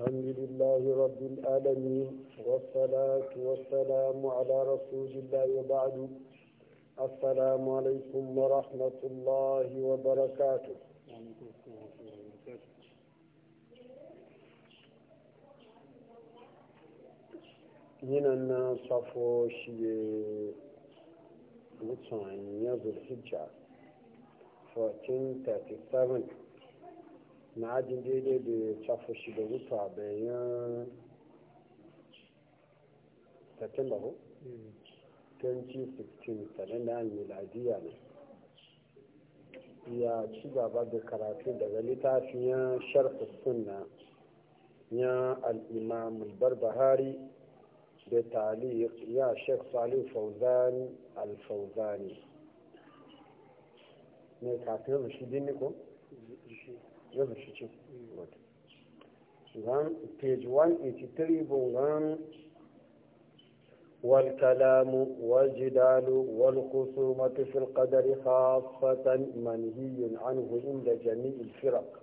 الحمد لله رب العالمين والصلاة والسلام على رسول الله وبعد السلام عليكم ورحمة الله وبركاته هنا نصفو شيء مطعن يزل حجة 1437 na ajin daidai da cafa shi da wuta bayan satumba 2016 da mm. yi miladiya ne ya ci gaba da karatu daga littafin sharh suna ya al-imam al-barbahari da taliq ya shek salih fauzan al-fauzani ne kafin shi din ko yau shi ce wata gan page 183 bungan والكلام والجدال والخصومة في القدر خاصة منهي عنه عند جميع الفرق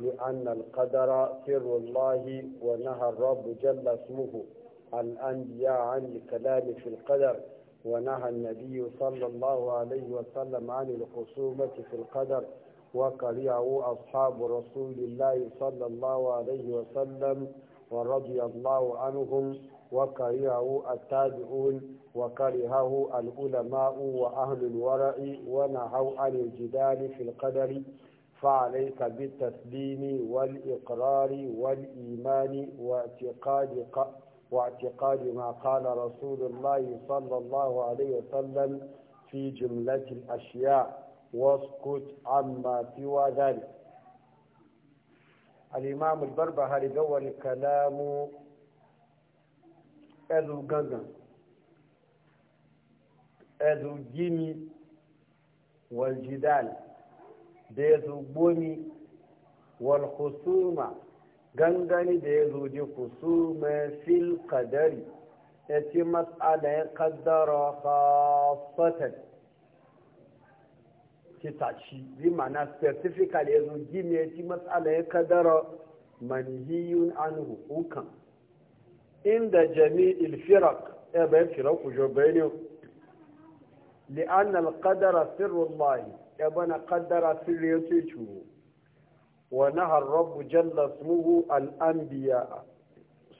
لأن القدر سر الله ونهى الرب جل اسمه الأنبياء عن الكلام في القدر ونهى النبي صلى الله عليه وسلم عن الخصومة في القدر وقرئه أصحاب رسول الله صلى الله عليه وسلم ورضي الله عنهم وكرهه التابعون وكرهه العلماء وأهل الورع ونهوا عن الجدال في القدر فعليك بالتسليم والإقرار والإيمان واعتقاد واعتقاد ما قال رسول الله صلى الله عليه وسلم في جملة الأشياء واسكت عما سوى ذلك الإمام البربهاري قول كلام أذو قنقن أذو جيمي والجدال بيذو بومي والخصومة قنقن بيذو جي خصومة في القدر يتي مسألة قدر خاصة titaci bi mana specifically yanzu zo gini ya ci matsala ya kadara manhiyun anhu hukan inda jami'il firak ya bayan firak ku jo bayan li'an al-qadara sirrullahi ya bana qadara sirri ya ce ciwo wa nahar rabbu jalla smuhu al-anbiya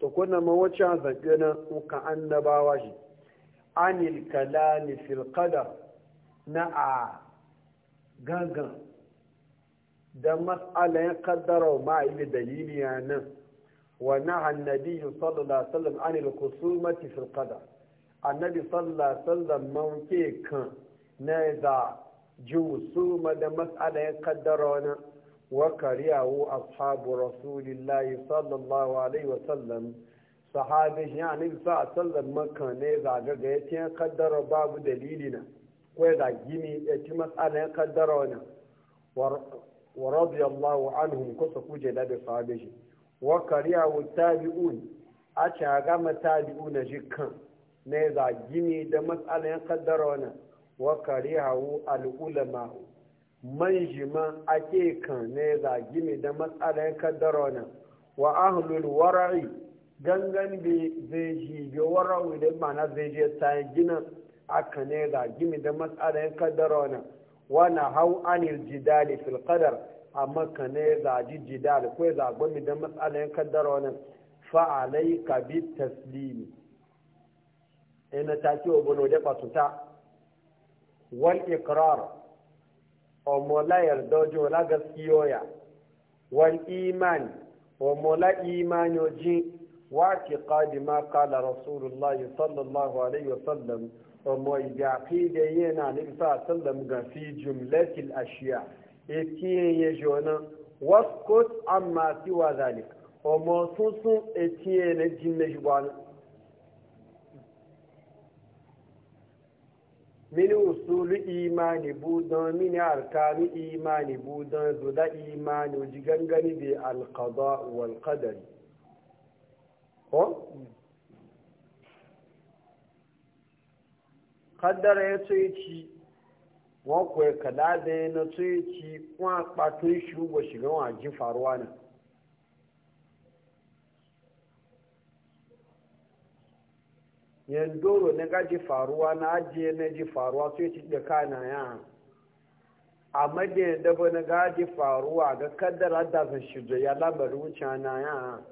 so kuna ma wacce zaɓe na hukan annabawa shi anil kalani fil qadar na a Gagan da ya kaddara ma yi dalili ya nan wa naha annabi sallallahu alaihi wasallam anil khusumati fil qadar annabi sallallahu man ke kan na da jusuma da mas'alayen kaddara na wa kariyahu ashabu rasulillahi sallallahu alaihi wasallam sahabi ya annabi sallallahu alaihi makan ne zaga ga ya kaddara babu dalilina na ko da gini ya ci ya kaddara wani wa radiyallahu anhum ko su kuje da da sahabe shi wa kariya wa tabi'un a ci ga matabi'u na jikan ne da gini da ya kaddara wani wa kariya wa al'ulama man jima ake kan ne da gini da ya kaddara wani wa ahlul wara'i gangan bi zai ji ga wara'u da mana zai je ta gina aka ne da gimi da matsalar kaddara wani wani hau anil jidali fil qadar amma ka ne da ji jidali ko za gumi da matsalar kaddara wani fa'alai ka bi taslimi ina ta ce wa da wal ikrar o mola yarda jola gaskiyoya wal iman o mola imanoji wa tiqadi ma qala rasulullahi sallallahu alaihi wasallam ọmọ ìgbàkíde yẹn náà níbi sáà sọ́lọ̀m gan fi jùmlẹ́tì àṣìyà etí amma mini usulu imani budan mini arkanu imani budan zuda imani ji gangani bi alqada wal ko kaddara ya tsaye ci wọn kwaye kada da ya na tsaye ci wọn kpatun shi ba shiga wọn ji faruwa na yan na gaji faruwa na ajiye na ji faruwa tsaye ci da na ya a madiyan daba na gaji faruwa ga kaddara da zan shi ya labarin wuce na ya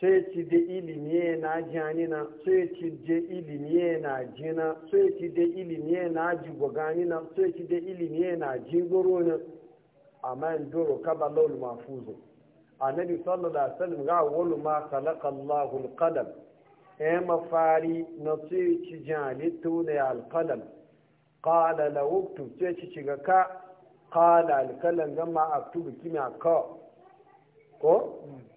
sai ci da ilimi na janina sai ci da ilimi na jina sai ci da ilimi na jigoganina sai ci da ilimi na jigorona a in doro kaba laul mafuzo annabi sallallahu alaihi wasallam ga wani ma khalaqa allahul al-qalam e mafari na sai ci jani ne al kada qala la uktu sai ci shiga ka qala al-qalam gama aktubu kima ka ko hmm.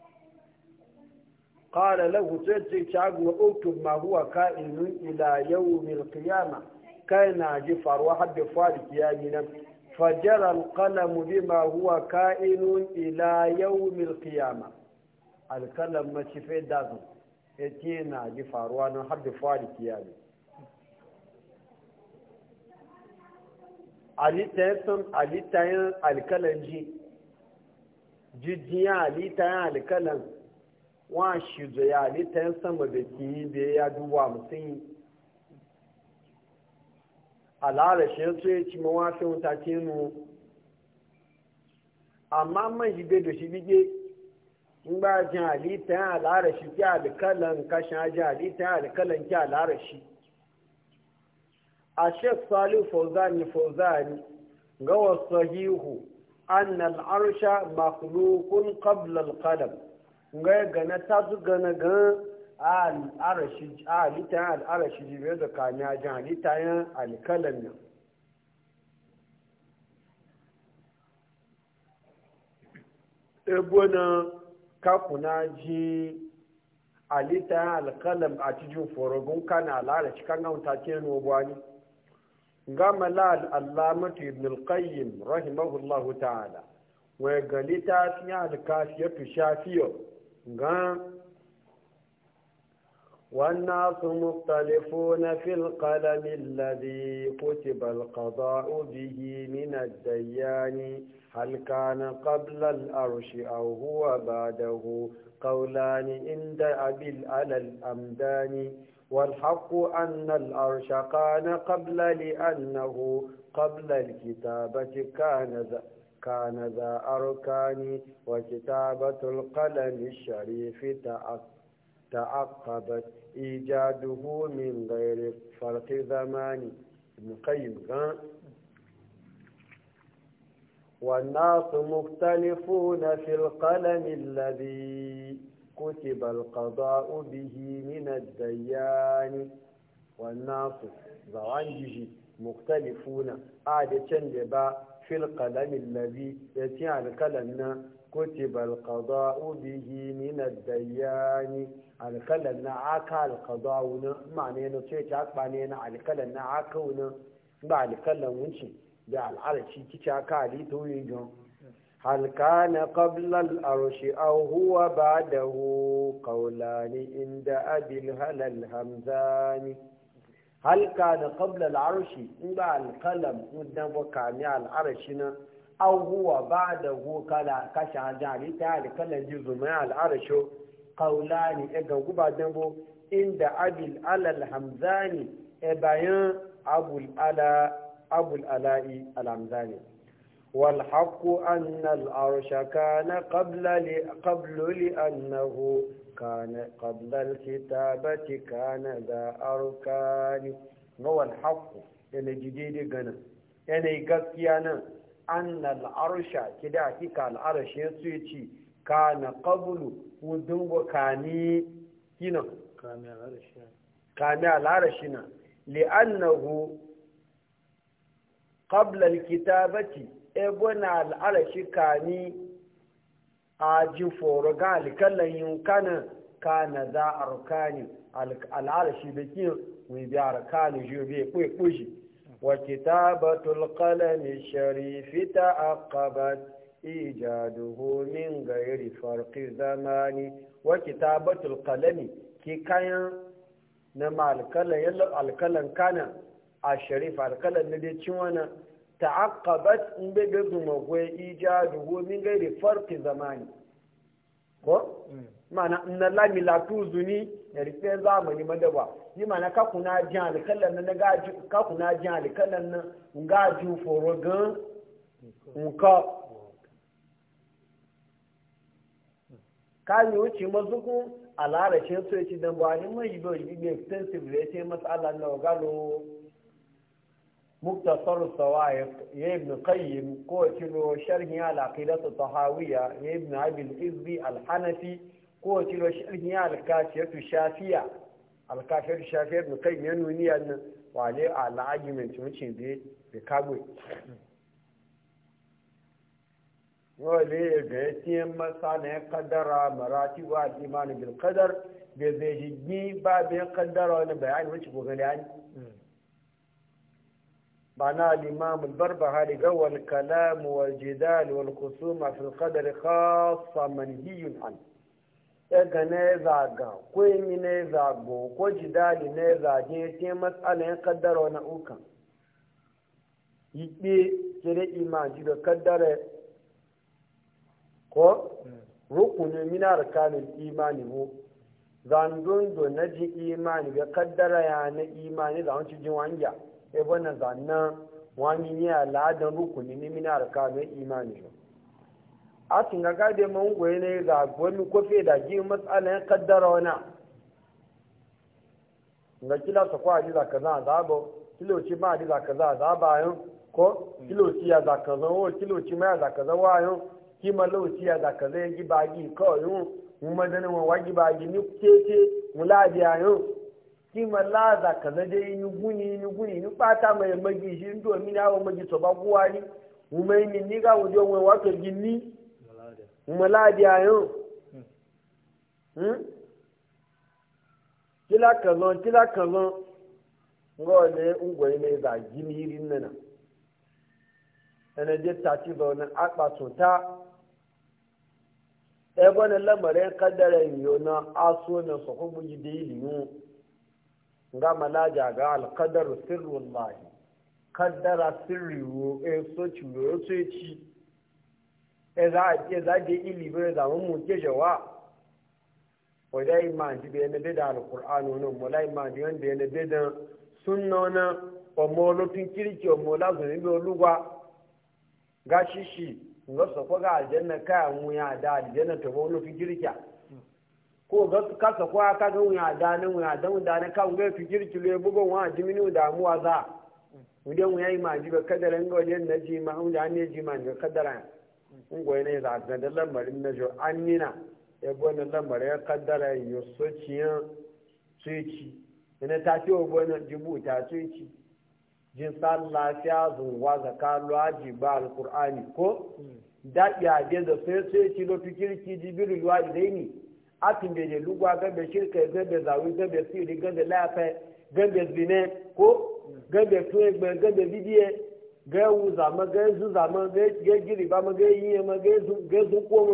قال له تجي شعب اكتب ما هو كائن الى يوم القيامه كان جفر وحد فارق يا جنب فجرى القلم بما هو كائن الى يوم القيامه القلم ما شفيت دازم اتينا جفر وانا حد فارق يا جنب alitayen alkalan ji علي alitayen alkalan wa shi zoya ne ta yin sama da ki da ya duba mutum alara shi ya so ya ci ma wafe wuta ce yìí amma man shi bai da shi bige in ba jin halitta yin alara shi ki alkalan kashin ajin halitta yin alkalan ki alara shi a shek salu ga sahihu annal al'arsha makulukun qabla al nga gana ta zu gana gan al'arashi halittar al'arashi jibe da kami a jan halittar alkalan nan ebo na kakuna ji halittar alkalan a cikin forogun kana al'arashi kan gauta ke nobuwa ne ga malal allamatu ibn al-qayyim rahimahullahu ta'ala wa galita fi al-kafiyatu shafiyo ga wannan su muktalifo na fil kalamin lade kuti balkaza obihi nina dayani halkana kablal arushi a huwa ba da hu kaulani inda abil alal amdani والحق أن الأرش كان قبل لأنه قبل الكتابة كان ذا كان ذا أركان وكتابة القلم الشريف تعقبت إيجاده من غير فرق زمان مقيم والناس مختلفون في القلم الذي كتب القضاء به من الديان والناس ضعنجه مختلفون عادة آه، جبا fil qalamin labi ya ci alkalan na kutiba alqada'u bihi min ad-dayani alkalan na aka alqada'u na ma'ana na ce ta kwane na alkalan na aka wuna ba alkalan wuce da al'arci kici aka ali yi jon هل كان قبل الأرش أو هو بعده inda عند halal الهلال halka da qabla al'arshi in ba alqalam mudan ba kami al'arshi na aw ba da kala kashe hajari ta alqalam ji zuma al'arshi qawlani e gangu ba dan bo inda abil alal hamzani e bayan abul ala abul alai al والحق أن العرش كان قبل قبل لأنه كان قبل الكتابة كان ذا أركان هو الحق يعني جديد جنا يعني قصيانا أن العرش كده أتيك العرش يسويتي كان قبل ودم وكاني هنا كان العرش كان العرش لأنه قبل الكتابة ebo na shi kani a ji foro ga alkalan yunkana kana za a rukani al'arashi da ke mai bi a rukani ji bai kwe kushi wa kitabatul qalami sharifi ta aqabat ijaduhu min gairi farqi zamani wa batul qalami ki kayan na ma alkalan kana a sharif alkalan na dai cin wannan تعقبت بجزم إيجاده من غير فرق زماني ko mm. mana na la mi lami latuzuni ya rike zamani madawa yi mana ka kuna jin alkalan na ga ji ka kuna jin alkalan na ga ji forogan gan mm. nka ka ni uci mazuku alara ce so yace dan ba ni mai yi extensive rate masala na galo مختصر الصواعق يا ابن قيم كوتلو شرح على عقيدة الطحاوية يا ابن أبي الحزبي الحنفي كوتلو شرح على الكافية الشافية الكافية الشافية ابن قيم ينوني أن وعليه على عجمنت مشين بي بكابوي wale ga tiyan masa na kaddara marati wa imani bil qadar bai zai jigi ba bai kaddara wani bayani wacce ko gani معنى الإمام البربهاري هو الكلام والجدال والخصومة في القدر خاصة منهي عنه daga na zaga ko ne na zago ko jidali na zage te matsalin kaddara wani ukan yiɓe kere imaji da kaddara ko rukunin minar kanin imani mu zandun na ji imani ga kaddara ya na imani da jin e bana zanna wani ne aladan rukuni ne mina arkanun imani a tun ga gade man goye ne ga ko kofe da ji matsala ya kaddara wana ga kila su kwa ji zaka za a zaba kiloci ma ji zaka za a zaba yo ko ci ya zaka o kilo ci ma ya zaka zan wa yin kima lokaci ya zaka ji yi ji ko yo mu madana wa wajiba ji ni keke mu labiya yin ti ma laada kana de inugu ni inugu ni inu pata ma emegi si ndo mi ni awo emegi to ba gu wari wuma eni ni ka wudi onwe wa to gi ni ma laadi ayo tila kazo tila kazo ngo ne ngo ne da gi ni ri nne na ene de ta ti na akpa to ta ebe ne lamare kadare na aso na so ji de ili nga malaja ga alqadar sirrullahi kaddara sirri wo e so ci wo e so ci e za e za de ili be za mu ke jawa ko dai ma ji be ne da alqur'anu no mulai ma ji wanda ne be da sunna na o mo lo tin kiriki o mo la zo ni be oluwa ga shishi ngo so ko ga aljanna ka mu ya da aljanna to mo lo tin kiriki ko ga kasa ko aka ga wuya da nan wuya da wuya na kan ga fi kirkilo bugun wa jimini damuwa za mu dai mu yayi ji ba kadaran ga wajen na ji ma mun da ne ji ma ga kadara mun goyi ne za ga da lamarin na jo annina ya gona lamar ya kadara yo ciyan suci ina ta ce wa gona ta suci jin san lafiya zuwa zakalu ba alqur'ani ko hmm. da ya da sai sai ci lo fikirki jibiru wa ni atin bai lugwa gambe shirka gambe zawi gambe siri gambe lafe gambe zine ko gambe tuwegbe gambe bidiye ga wuza ma ga zuza ma ga giri ba ma ga yiye ma ga zuko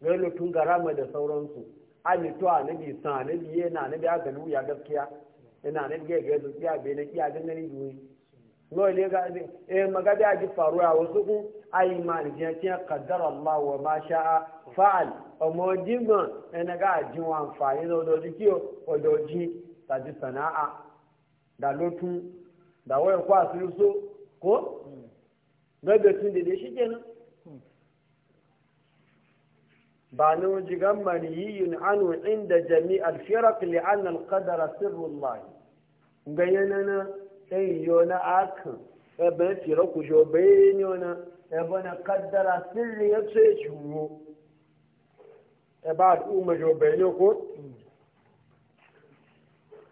ma ga lutun garama da sauransu ani to anabi san anabi yana anabi aka luya gaskiya ina e anabi ga ga zuciya bai na kiya gangani duwi no le ga eh magadi faru faruwa wasu kun ayi ma aljiya kaddara Allah wa ma sha'a fa'al ọmọ ẹni ká àjí wọn àǹfààní lọ́dọọdún kí ọdọọdún tàbí sànáà dà ló tún dàwọ́ ẹ̀kọ́ àfirúsó kó gbẹ́gbẹ́ tún dèdè ṣíjẹ náà. بانو جغم مني عنه عند جميع الفرق لأن القدر سر الله غيننا ايونا اك ابن فرق جو بينيونا ابن قدر سر يتشو ba al'umma jo bayane ko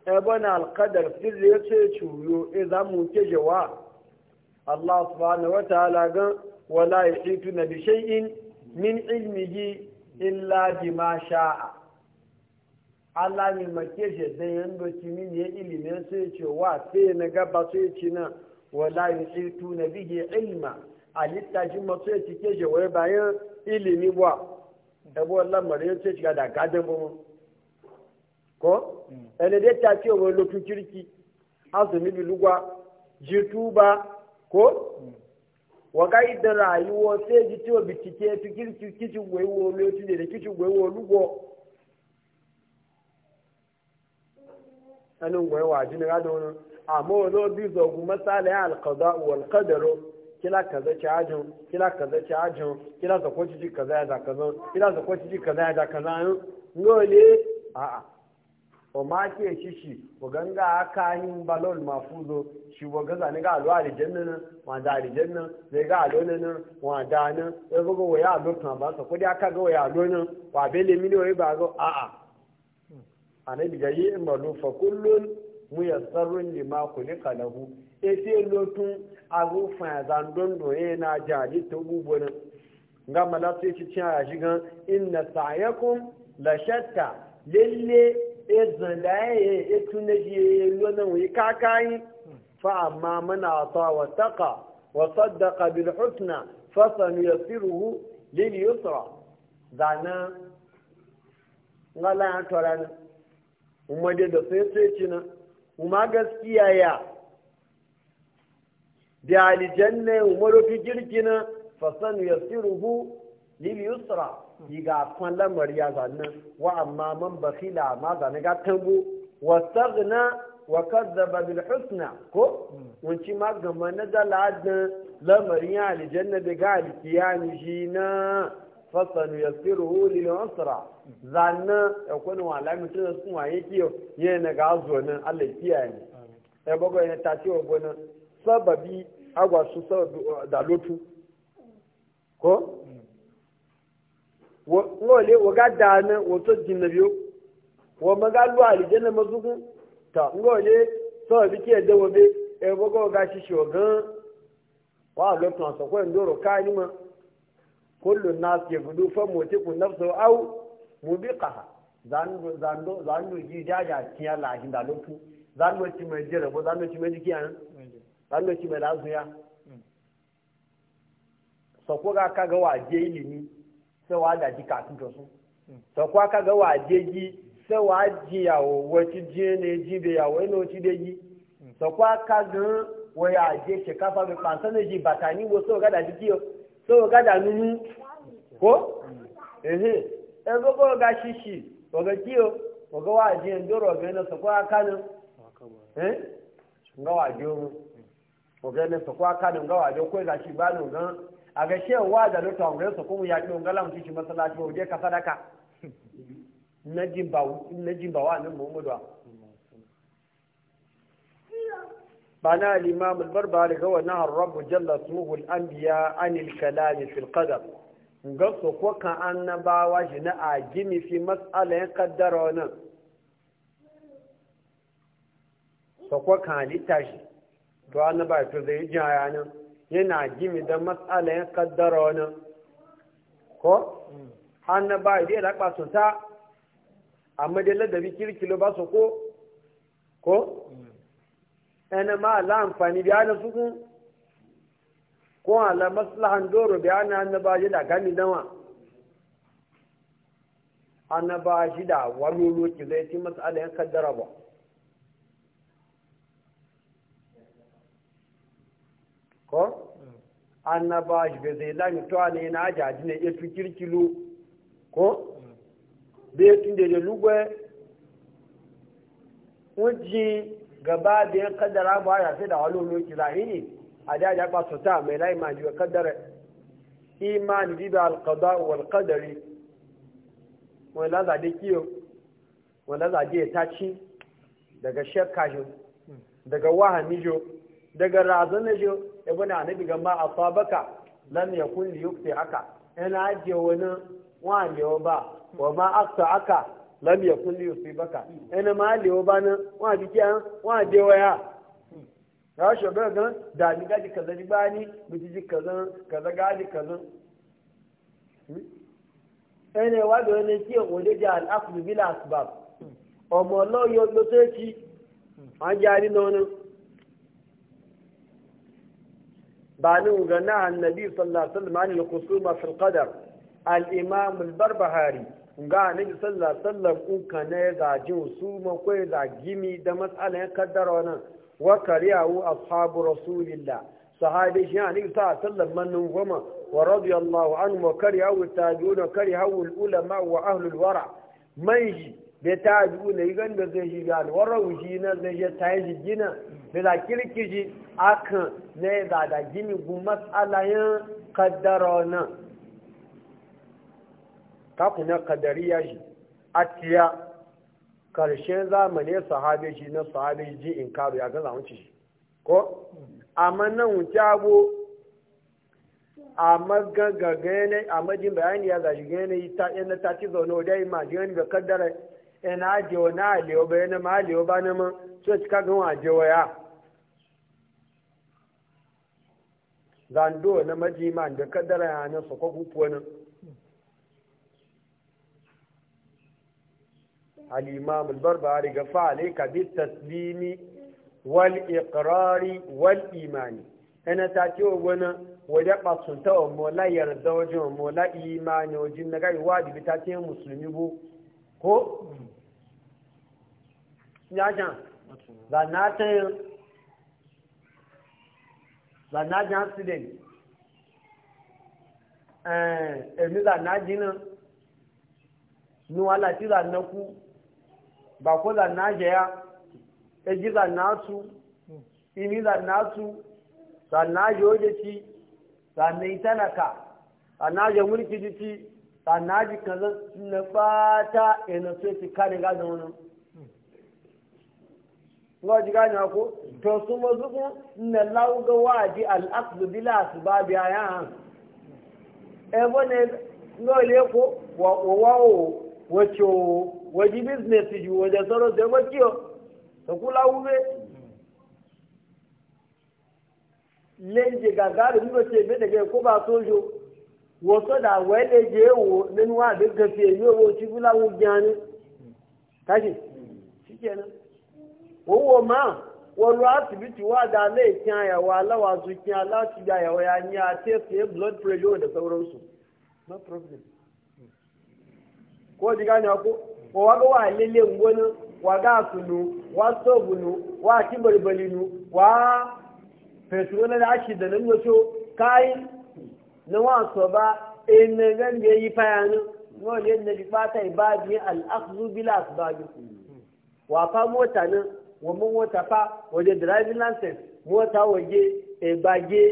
ebon alkadar ya ce cuyo e za mu ke jawa Allah subhanahu wa ta'ala gan wala yuhitu na bi shay'in min ilmihi illa bima sha'a Allah ne make shi dan yanda kimi ne ilimin sai ce sai na gaba sai ce na wala yuhitu na bihi ilma alitta jin mutu ya cike jawa bayan ilimi ba ẹ̀bú ọlámọ̀rẹ́ yóò ṣèṣì àdá gájẹ́ fún wọn. kọ́ ẹni dé ta tí òun lókun kíríkì á níbi lúgwa jí túbà kó. wọ́gá ìdẹ̀rẹ̀ àyíwọ́ séèjì tí òbí ti tẹ́ fi kíríkì kíṣù wẹ̀wọ̀ olóòtú lèrè kíṣù wẹ̀wọ̀ olúwọ̀. ẹni wẹ̀wọ̀ àdínníkà dánwó àmọ́ olóòbí zọ̀gùn mẹ́sàlẹ̀ àlùkọ́dọ̀ wọ̀lùkọ́dọ̀rọ̀. kila kaza cajin kila kaza cajin kila zakwaci ji kaza ya da kaza kila zakwaci ji kaza ya da kaza hmm? ngole a'a o ma ke shi shi o ganga aka yin balol mafuzo shi o gaza ni ga alo alijanna nan wa da alijanna ne ga alo nan wa da nan sai buga waya alo kan ba sa kudi aka ga waya alo nan wa bele mini waya ba ga a'a anabi ga yi malu fa kullun muyassarun lima kulika lahu e sai lotun arufa zandon doye na jaji ta gugunan ga malatu ci cin a shiga, inna sayakun lashatta lalle e zandaye e tunaji e lonan wuyi kakayi fa amma mana ta wa taqa wa saddaqa bil husna fa sanuyassiruhu lil yusra zana ngala tora na umma da sai sai cina umma gaskiya ya da alijanna umaru fi girgina fasan yassiruhu lil yusra diga kan lamari ya zanna wa amma man bakhila ma zane ga tambu Wa sagna, wa kadzaba bil husna ko Mun hmm. ci ma gama na daladin lamarin ya alijanna da ga alkiyani shi na fasan yassiruhu lil yusra hmm. zanna ya wa wala mutun sun waye kiyo yana ga zo nan Allah kiyaye ne ya bago yana tashi wa gonan sababi agwa su da lotu ko wale waga dana wato jinnabiyo wa maga lu aljanna mazugu ta ngole sababi ke da wabe e bogo ga shi shogan wa lo kan so ko ndoro kani ma kullu nas yabudu fa mutiku nafsu au mubiqaha zan zan do ji jaja tiya la hinda lotu zan ti me jere bo zan ti me dikiyan sanda shi mai lazuya sako ga ka ga waje ilimi sai wa da ka tun to sun sako ka waje gi sai wa ji yawo wati ji ne ji be yawo ne wati de gi aka ka ga waya je ke kafa be pansa ne ji batani wo so ga da jiki so ga nunu ko ehe e go ga shishi ko ga kiyo ko ga waje ndoro ga ne sako ka ne eh ga waje mu oganin su kwa kanin gawa jo ko da shi ba nun gan a ga cewa da lutu amre su mu ya kiyon galan shi masallaci ko je ka sadaka na jimba na jimba wa nan Muhammadu bana al-imam al-barbari ga wannan ar-rabb jalla smuhu al-anbiya anil kalam fi al-qadar ga su kan annabawa shi na agimi fi mas'alan kaddara wannan su ko kan litashi to an ba to zai jaya nan yana gimi da matsala ya kaddara wani ko an ba yi da ba su ta amma da ladabi kirkilo ba su ko ko ɗana ma ala amfani biya su suku ko ala maslahan doro biya na ba shi da gami dama ba shi da wani lokaci zai ci matsala ya kaddara ba ko annaba shi bai zai lami to ne na jaji ne ya fi kirkilo ko bai tun da lugwe wajen gaba da ya kaddara ba ya fi da wani lokaci zahiri a daji ba su ta mai layi ma jiwa kaddara imani bi da alkada wal kadari wani lazade kiyo wani lazade ya taci daga shekka jo daga wahani jo daga razana jo ibuna annabi ga ma asabaka lam yakun yukti aka ina ajiye wani wa lewa ba wa ma aksa aka lam yakun baka ina ma lewa ba na wa biki an wa de waya ya shugaba ga da ni gaji kaza ni mu ji kaza kaza gaji kaza ẹni ìwádìí ẹni tí òdèjà alákùnrin bílà asbab ọmọ ọlọ́yọ ló tó ẹ̀kí wọ́n jẹ́ ni náà náà Bani ni ugana annabi sallallahu alaihi wasallam anil khusuma fil qadar al imam al barbahari ga annabi sallallahu alaihi wasallam un kana ga su ma kai da gimi da matsalan kaddara wannan wa kariyahu ashabu rasulillah sahabi shi annabi sallallahu alaihi wasallam man goma wa radiyallahu anhu wa kariyahu tabi'un kariyahu al ulama wa ahlul wara man da ta ju na igan da zai shi ga alwarar wushi na zai shi ta yi gina da da kirkiji akan na da da gini gun matsalayen kaddara nan ta kuna ya shi a tiya karshen zamanin sahabe shi na sahabe ji in karo ya gaza wuce shi ko amma nan wuce abu a magagagane a majin bayani ya zashi gane ta yana ta ci zaune yi ma jini da kaddara ena ajewa na alewa ba yana ma alewa ba ne ma so cika gan ajewa ya zando na majima da kaddara ya nan su kwagu wani al-imam al-barbari ga fa alayka bit taslimi wal iqrari wal imani ana ta ce wani wajen ɓasunta wa mola yarda wajen wa mola imani wajen na gai wajibi ta ce musulmi bu ko yajan zanatan zanatan student eh emi zanajina ni wala ti zanaku ba ko zanajeya eji zanatu imi zanatu zanaje oje ci zanai talaka zanaje mulki jiki zanaji kaza na fata ina so ti kare gazan wani nga ji gani ko to su mazuku na lauga waji al-aqd bila asbab ya ya e bone ngo le ko wa wa wacho waji business ju waje soro de wacho to kula ube lenje gagaru ni wace be daga ko ba sojo wato da wele je wo nínú wa de gafe yo wo ti kula wu jani kashi shikenan owó máa wọ́n lọ asibiti wá da alẹ́ ìkín àyàwó aláwàzù kín aláṣìgbà àyàwó ya ní àtẹ́sẹ̀ blood pressure da sauransu no problem ko jiga ne ko ko wa ga wa lele ngona wa ga sunu wa sobunu wa kibalbalinu wa petrol da ashi da nan wato kai na wa so ba in e gan da yi fayanu no yadda bi fata ibadi al akhdhu bil asbab wa fa wọ́n mú mọ́ta pa wọ́n jẹ́ driving license mọ́ta wọ́n jẹ́ ẹ̀bà jẹ́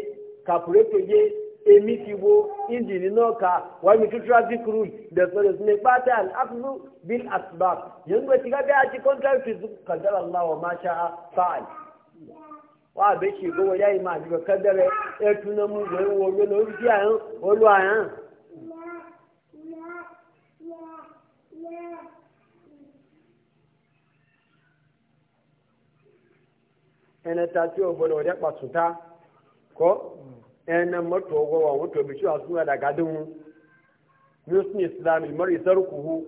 kàpùrẹ́tò jẹ́ èmi ti wo engine náà ka wọ́n mi tún traffic rule dẹ̀sọ̀rọ̀ sí ní pátá àbúrò bill asbab yẹn ń gbé tí kábíyà àti contract fees kàdára láwọ̀ máa ṣá fáàlì. wọ́n àbẹ̀ ṣe ìgbówó yá ìmọ̀ àdìgbò kẹ́dẹ́rẹ́ ẹ̀tún náà mú wọ́n wọ́n wọ́n lórí sí àyàn olú àyàn. ene ta ti obodo de ta ko ẹnẹ moto ogo wa moto bi shi asu da gadun yusn islam al mar'i tarkuhu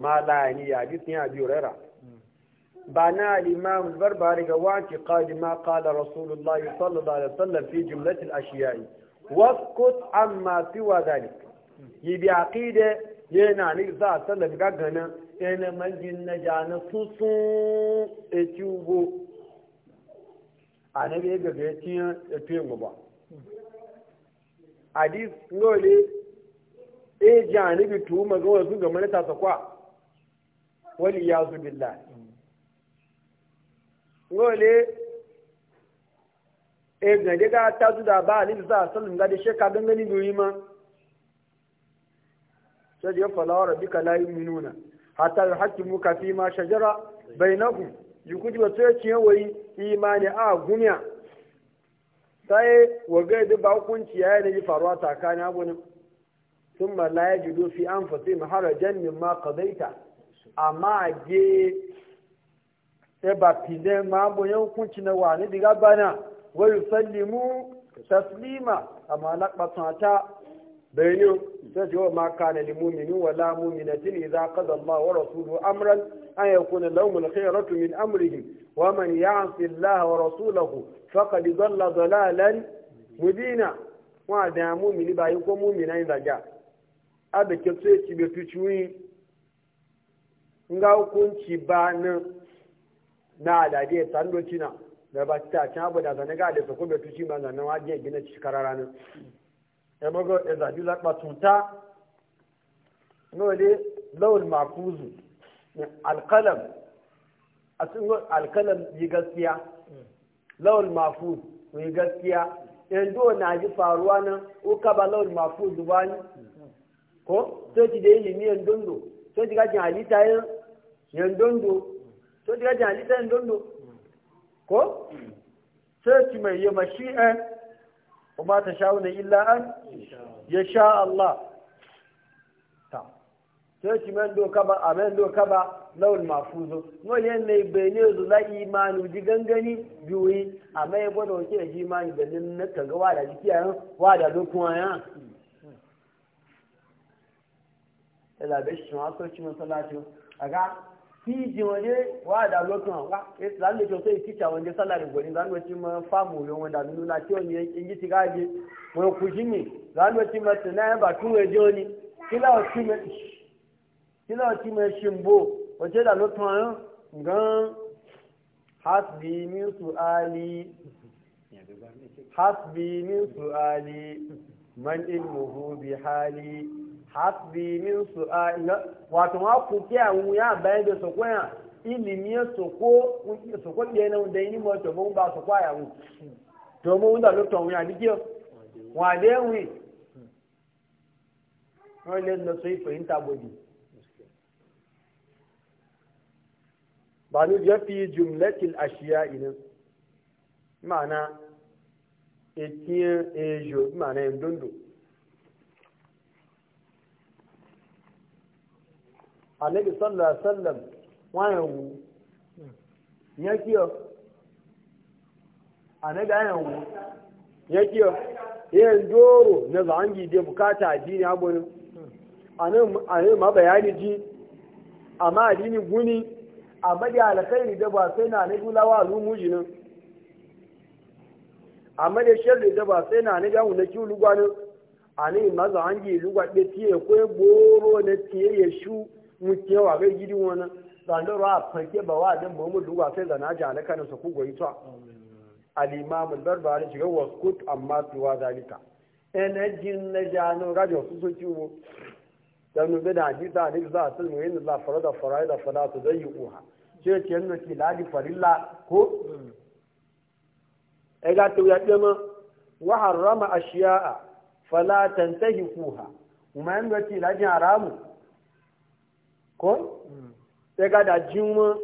la bana al imam al barbari ga wa ki qali ma qala rasulullah sallallahu alaihi wasallam fi jumlat amma siwa dhalik yi bi yana ni za sallam gaggana ene manjin na e anabi ya gaga ya tiya ya tuye mu ba hadis ngole e ji anabi tu ma ga wasu ga mana tasa kwa wali ya zu billah ngole e ga de ga ta zu da ba ni sa sallin ga de sheka gangani duri ma sai ya fala rabbika la yu'minuna hatta yuhaqqimuka fi ma shajara bainahum yukuji wa tsaya ciyawayi imani a gumiya sai waga duk ba hukunci ya yi faruwa tsakanin abunin sun mala ya jido fi an fasi maharajen min ma kazaita amma ge e ba pide ma abunin hukunci na wani diga bana wani sallimu taslima amma lakbatata bayani sai ji wa ma kana limuminin wala jini za ka zama wa rasuluhu amran أن يكون لهم الخيرة من أمرهم ومن يعص الله ورسوله فقد ضل ضلالا مبينا وعدا مؤمن بايكو مؤمن إذا جاء أبي كتسوي تبي تشوي nga hukunci ba na na alade tandoci na da ba ta can abu da zane ga alisa ko bai tuci ba wa wajen gina ci karara nan ya mago ya zabi zaɓa tuta nole lawul makuzu alkalam a cikin alkalam yi gaskiya lawal mafu yi gaskiya yanzu na ji faruwa nan ka ba lawal mafu zuba ni ko so ti da ilimi yan dondo so ti gajin halitta yan dondo so ti gajin halitta yan dondo ko so ti mai yi mashi'a ba ta sha'una illa an ya sha Allah sai shi men doka ba a men doka ba lawan mafuzo no yen ne bene zu la imanu ji gangani biyoyi a mai gwada ke ji imani da nin na kanga wa da jiki a wa da lokuma ya ila be shi ma so shi mun salatu aga ki ji wale wa da lokuma ga e lan da jo sai teacher wanda salari gori zan wuce ma famu yon wanda nuna ti oni yin ji ti gaje mo ku ji ni zan wuce ma tana ba tun we joni kila o ti me kila ti mai shimbo wace da lokacin gan hasbi min su'ali hasbi min Ali, man ilmuhu bi hali hasbi min su'ali wato ma ku kiya mu ya bayan da su koya ilimi ya soko soko ɗaya na wanda yi mota mun ba su kwaya mu domin wanda lokacin fahimta ba ya fi jumlatil ashiya inu ma'ana etiyan ejo ma'ana yin dundu A sallallahu alaihi wasallam wayan wu ya kiyo annabi ayan wu ya kiyo yan doro na zangi da bukata addini abunin anan ma bayani ji amma adini guni amma da alkhairi da ba sai na ne gulawa lu mujinin a madi sharri da ba sai na ne ga wuna ki lugwani ani maza hangi lugwa de tiye ko e boro ne tiye ya shu mutiye wa ga gidi wona dan da ra fanke ba wa dan mu lugwa sai zana ja na su ku goyi to al-imam al-barbari shiga waskut amma tuwa zalika enajin najano ga jo su ki ciwo dan nu da hadisa a za a sun muhimmin za fara da fara da fara su zai yi uha ce ce yana ke ladi farilla ko ai ga to ya ɗema wa harrama a shiya'a fala tantahi kuha kuma yan ga ke ladi haramu ko sai ga da jinwa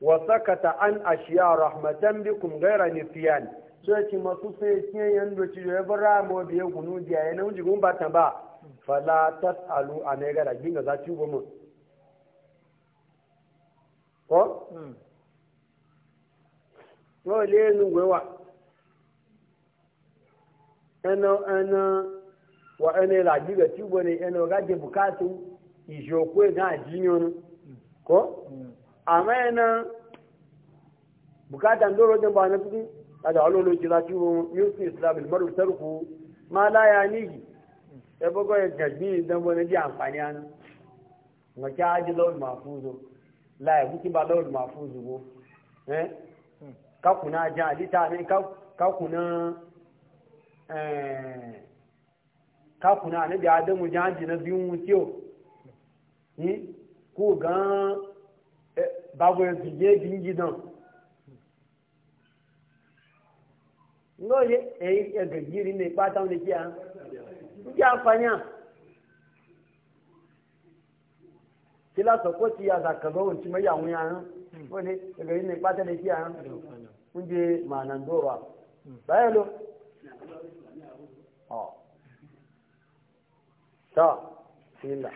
wa sakata an a rahmatan bikum gaira nisyan ce ce masu sai kiyan yan da ci da ya bi mu biye gunu biya ya nan jigun ba ta ba fala tas'alu a ne gara ginga za ci goma ko no hmm. le nu gwewa eno eno wa ene la ginga ci goma ne eno ga je bukatu ijo ko ga jinyon hmm. ko amma eno bukatan doro dan ba na tudu kada alolo ci za ci goma yusu islam al maru tarku ma la yanihi sai bago ya garbi don wani ji amfani hannu mace haji lawal mafuzo laye kuki ba lawal mafuzo go eh kakuna ji alita ne kakuna eh kakuna ne da adamu janji na biyun o? ni ko gan babu ya zige bingi don ngo ye e gagiri ne pata ne kiya kuke amfani kila sokoti ya za ka zo wanci mai yawon yanan wani hmm. daga yin mai bata da shi yanan kun je manan dora bayan ah. ke ta sila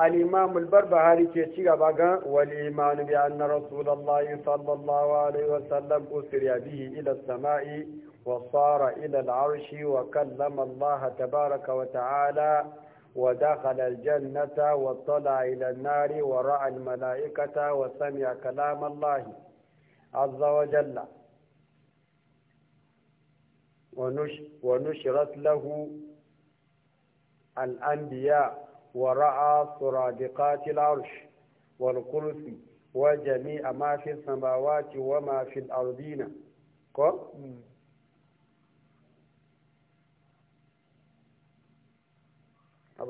الإمام البربهاري كيشيغا باغا والإيمان بأن رسول sama'i. وصار إلى العرش وكلم الله تبارك وتعالى ودخل الجنة وطلع إلى النار ورأى الملائكة وسمع كلام الله عز وجل ونشرت له الأنبياء ورأى صرادقات العرش والكرسي وجميع ما في السماوات وما في الأرضين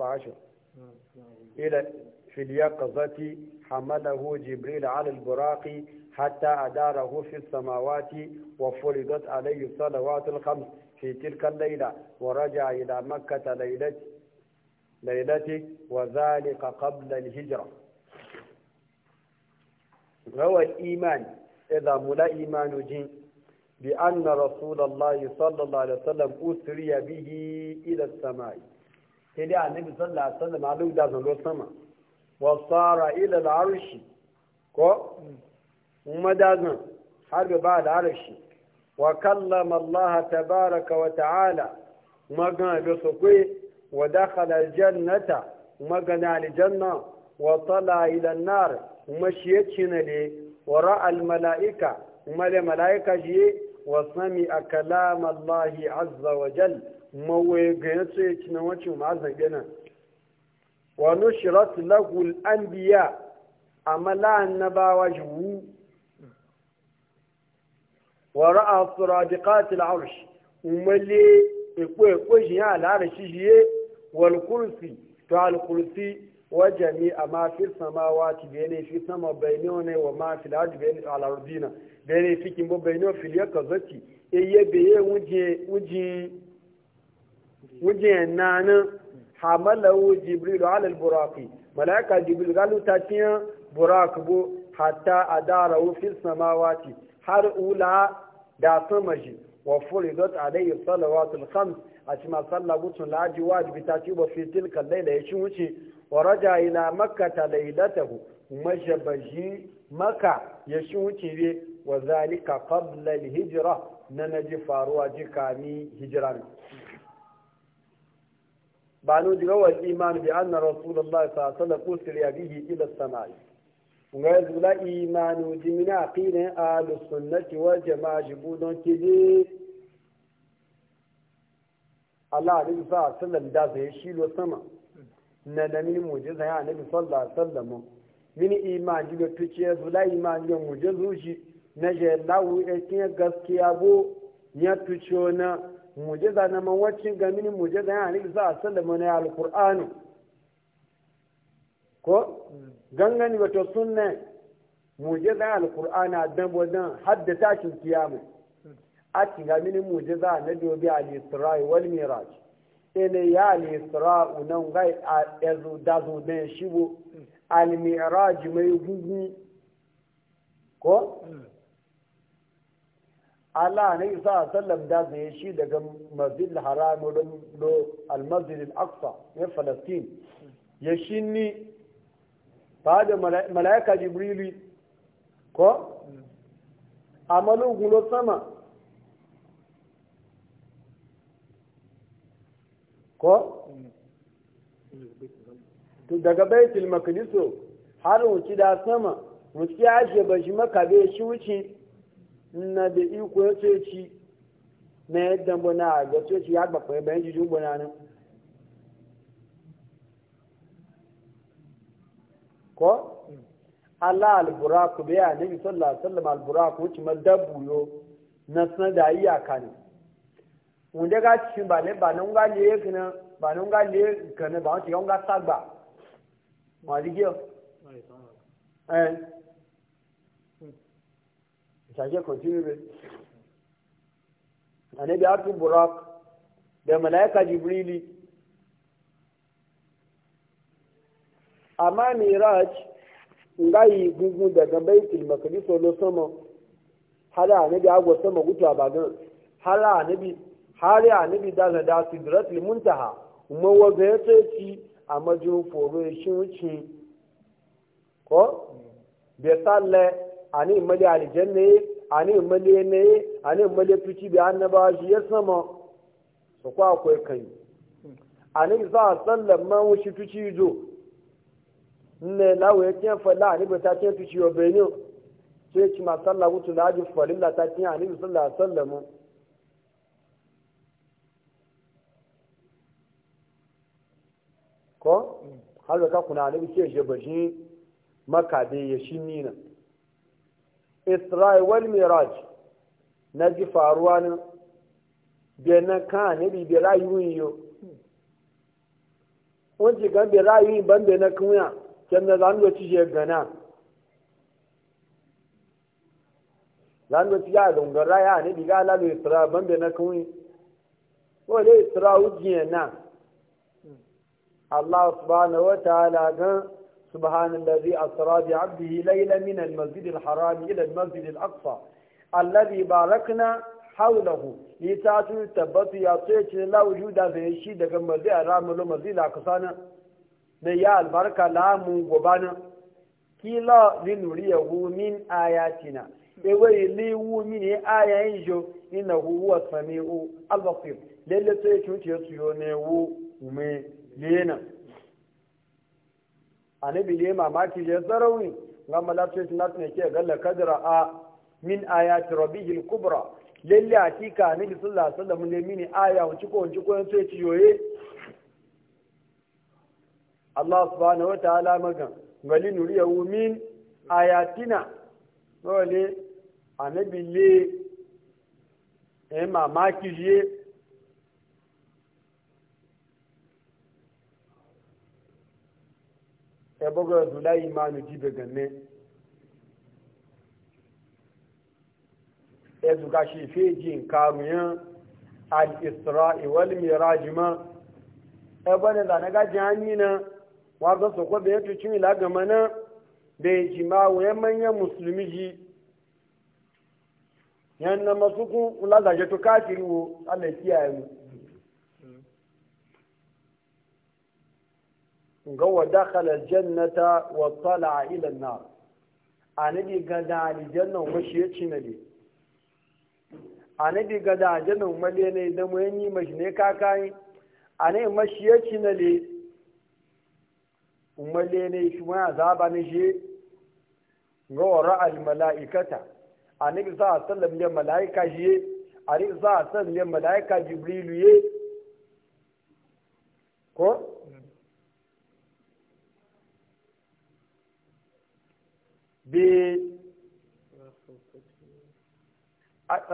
عشر نعم. إلى في اليقظة حمله جبريل على البراق حتى أداره في السماوات وفرضت عليه الصلوات الخمس في تلك الليلة ورجع إلى مكة ليلة ليلته وذلك قبل الهجرة روى الإيمان إذا ملا إيمان جن بأن رسول الله صلى الله عليه وسلم أسري به إلى السماء سيدي النبي صلى الله عليه وسلم قالوا دازن زلو سما وصار الى العرش كو ومدازن حرب بعد عرش وكلم الله تبارك وتعالى ما كان بسكوي ودخل الجنة وما كان الجنة وطلع إلى النار وما شيت شنالي ورأى الملائكة وما لملائكة جي وسمع كلام الله عز وجل mawaye ga ya ci kina wacin ma zange nan wa nushirat lagul al-anbiya amma la annabawa juwu wa ra'a suradiqat al-arsh umali ekwe ekwe shi ya lara shi shi wal kursi to al kursi wa jami'a ma fi samawati bene fi sama ne wa ma fi al-ardi bayne al-ardina bayne fi kimbo bayne fil yakazati eye beye wuje wuje wuje nanin hamalahu jibril ala al-buraqi malaika jibril galu ta tiya buraq bo hatta adara fi samawati har ula da sama ji wa furidat alayhi salawatul khams a ci ma sallah gutun laji wajibi ta ci ba fi tilka laila ya ci wuce wa raja ila makka ta lailatahu majabaji maka ya ci wuce ne wa zalika qabla al-hijra na naji faruwa hijira ne. banu jirawa iman bi anna rasulullahi fa sala wasallam usriya bihi ila samai nga zula imanu jimina qina ahlus sunnati wal jamaa jibudon kidi Allah ne fa sallam da zai shi lo sama na da min mujiza ya nabi sallallahu alaihi wasallam min iman jibe tuce zula iman jibe mujizu shi na je lawu e kin gaskiya bo ya tuce na mujiza na mawacin ga mini mujiza ya hannun za a sallama na alkur'ani ko gangani wato sunna mujiza alkur'ani a dan wajen haddata shi kiyama a ci ga mini mujiza na dobi al-isra'i wal miraj ene ya al nan nan a ɗazu dazu da shibo al-miraj mai gugu ko hmm. Allah ne a sallam da zai shi daga mazil haram don do al-masjid al-aqsa na Palestine ya ni ba da malaika jibrili ko malugun lo sama ko daga baitul maqdis har wuci da sama wuci ya shi bashi makabe shi wuci na da iko ya ce ci na yadda muna ga ce ci ya gbakwai bayan jijin muna nan ko Allah alburaku bai a nabi sallallahu alaihi wasallam alburaku wuce madabu yo na sanar da iyaka ne wanda ga ci ba ne ba nan ga ne kana ba nan ga ne kana ba wanda ga sagba ma digiyo eh sashe continue be annabi artu burak da malaika jibrili amma miraj nga yi gungun daga baitul maqdis lo sama hala annabi agwa sama gutu ba gan hala annabi hali annabi da na da muntaha kuma waga ya ci a majin foro ya shi wuce ko be salle ani mali aljanna ne, ani mali ne ani mali tuci bi annaba shi ya sama su ko akwai kai ani za sallan ma wuci tuci zo ne lawo ya tiyan falla ani ba ta tiyan tuci yo benyo sai ki ma sallah wutu na ji falilla ta tiyan ani sallallahu alaihi wasallam ko mm. har da ka kuna ani bi je bashi maka ya shi nan isra'i wal miraj na ji faruwa ne bẹ na kan ne bi bẹ rayu yi yo wọn ci kan bẹ ban bẹ na kunya kyan na zan doci je gana zan doci ya lungar raya ne bi ga alalu isra'i ban bẹ na kunya wọn le isra'i jiyan na Allah subhanahu wa ta'ala gan سبحان الذي أسرى بعبده ليلة من المسجد الحرام إلى المسجد الأقصى الذي باركنا حوله لتعطي التبط يا تيتش لا وجود في الشيء دغ مسجد أرام لو مسجد الأقصى ne البركة لا منقبانا gobana kila linuriyahu من ayatina ewe liwu من aya injo innahu huwa samiu al-basir lalle sai cuce su yo annabi ne mamaki ya sarauni ga malafis nas ne ke galla kadra a min ayati rabbihil kubra lalle hakika annabi sallallahu alaihi wasallam ne mini aya wuci ko wuci ko sai ci yoye Allah subhanahu wa ta'ala magan gali nuriyahu min ayatina dole anabi le e mamaki je ebogo dula imanu jibe ganne ezu ga shi feji karuyan al isra wal miraj ma ebane da na gaji na wa ga so ko be cin ila gama na be jima we manya muslimi ji yan na masuku ula je to kafiri wo kiyaye mu ga wa dakhala jannata wa tala'a ila an-nar anabi ga da aljanna mashi ya ci nabi anabi ga da ma mali ne da mu yanyi mashi ne kakai anabi mashi ya ci nabi mali ne shi ma azaba ne shi ga wa ra'al mala'ikata anabi sa sallam ne mala'ika shi anabi sa sallam ne mala'ika jibrilu ye ko be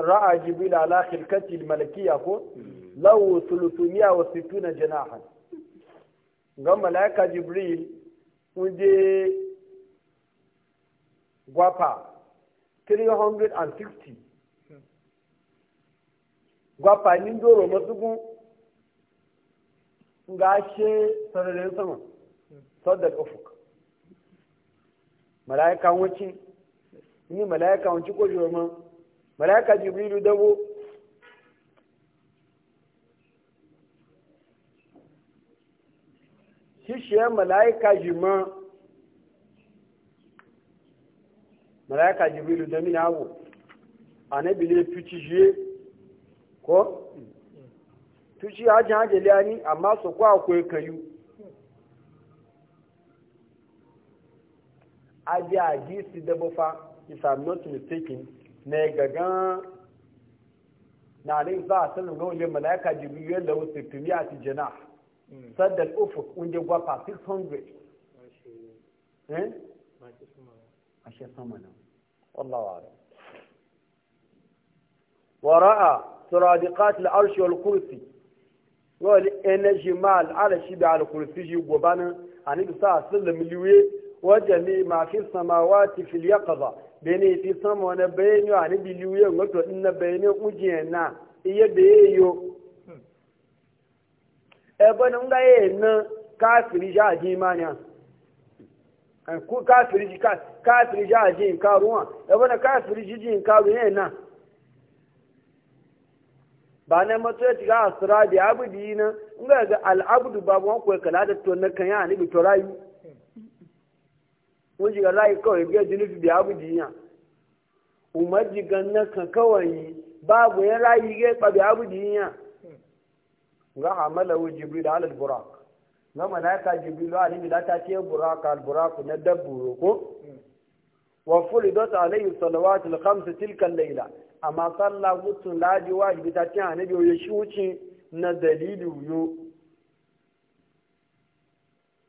ra'a jibril ala khilkati almalakiya ko mm. lahu thuluthumiya wa sittuna janahan ga malaika jibril unje gwapa 360 gwapa ni ndoro masugun ga she sararin sama mm. sadda ufuk malaika wuce ni malaika wuce ko joma malaika jibrilu dabo shishiyar malaika jima malaika jibrilu da mina abu a na bile fici jiye ko tuci hajji hajji liyani amma su kwa akwai kayu abi hadisi da fa if i'm not mistaken na gagan na ne za a sanin ga wajen malaika jibiyu yadda wasu tumiya ti jana hmm. sadda ufuk unje gwapa 600 eh ashe sama nan wallahu a'lam ورأى سرادقات العرش alùkùnrin sí yìí gbọ̀bá náà sílẹ̀ mílíwé wajami ma fi samawati fil yaqza bene fi sama na bayani ani biliye ngoto inna bayani ujiye na iye beyo ebe na nga ye na kafiri ja ji manya ku kafiri ji kafiri ja ji nka ruwa ebe na kafiri ji ji nka ruwa na ba na mato ya tiga asira bi abudi na nga ga al'abdu babu wani kwekala da to na kan ya ani bi to rayu mun shiga layi kawai biyar zunubi biya abu jiya umar jigan na kan kawai babu yan layi ya ba biya abu jiya ga hamala wa jibril alal burak Nga na malaka jibril wa alibi ta ce burak al burak na dabbu ko wa furidat alayhi salawat al khams tilka al layla amma sallah gutun laji wajibi ta ce annabi ya shuci na dalili yo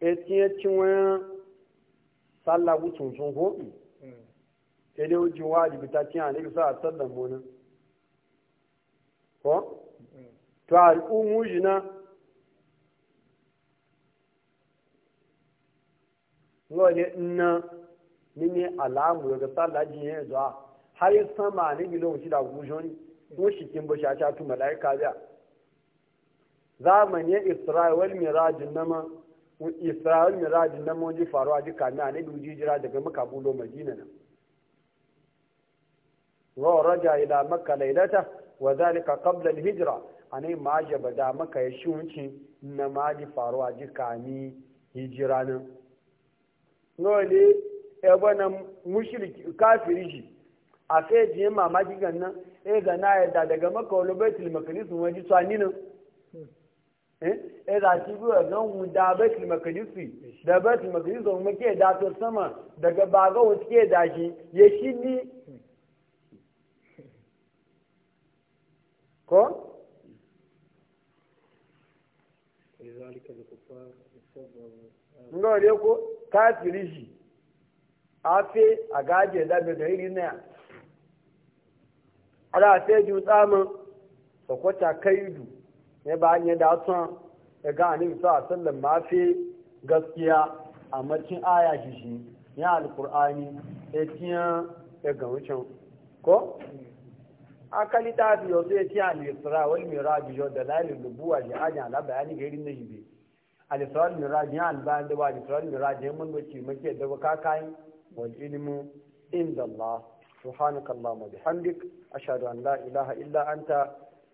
etiye cin wayan sallah ku ko hobi sai dai wujin wajibi ta cin anabi sa a sallan mu ko hmm. to al'ummu jina na nna mini alamu daga sallah jin ya zuwa har yi sama anabi lokaci da gushoni ko shikin bashi a tu mala'ika biya zamanin isra'il wal mirajin nama isra'il miraji na ji faruwa ji kami a nabi jira daga makabulo madina nan wa raja ila makka lailata wa zalika qabla al-hijra anai maje bada maka ya shunci na ji faruwa ji kami hijira nan nole ebe bana mushriki kafiri shi a sai jiye mamaki gannan eh da na yadda daga maka wani baitul maqdis mun ji tsani nan eh, eh da shi biyu ga hun da baitul maqdisi da baitul maqdisi da muke da to sama daga baga wata ke da shi ya shidi ko nga ne ko kafiri shi afe a gaje da bai da iri na ala sai ju tsamin sakwata du. ne ba an da son ya ga annabi sallallahu a wasallam ma fi gaskiya a matin aya shi shi ya alqur'ani ya tiya ya ga wucin ko akali ta fi yau ya tiya al-isra wal miraj yo dalalin nubuwa ji ajan ala bayani ga irin najibi al-isra mai miraj ya albayan da ba al mai wal ya mun wuce muke da ba kai wal ilmu inda Allah subhanakallahumma bihamdik ashhadu an la ilaha illa anta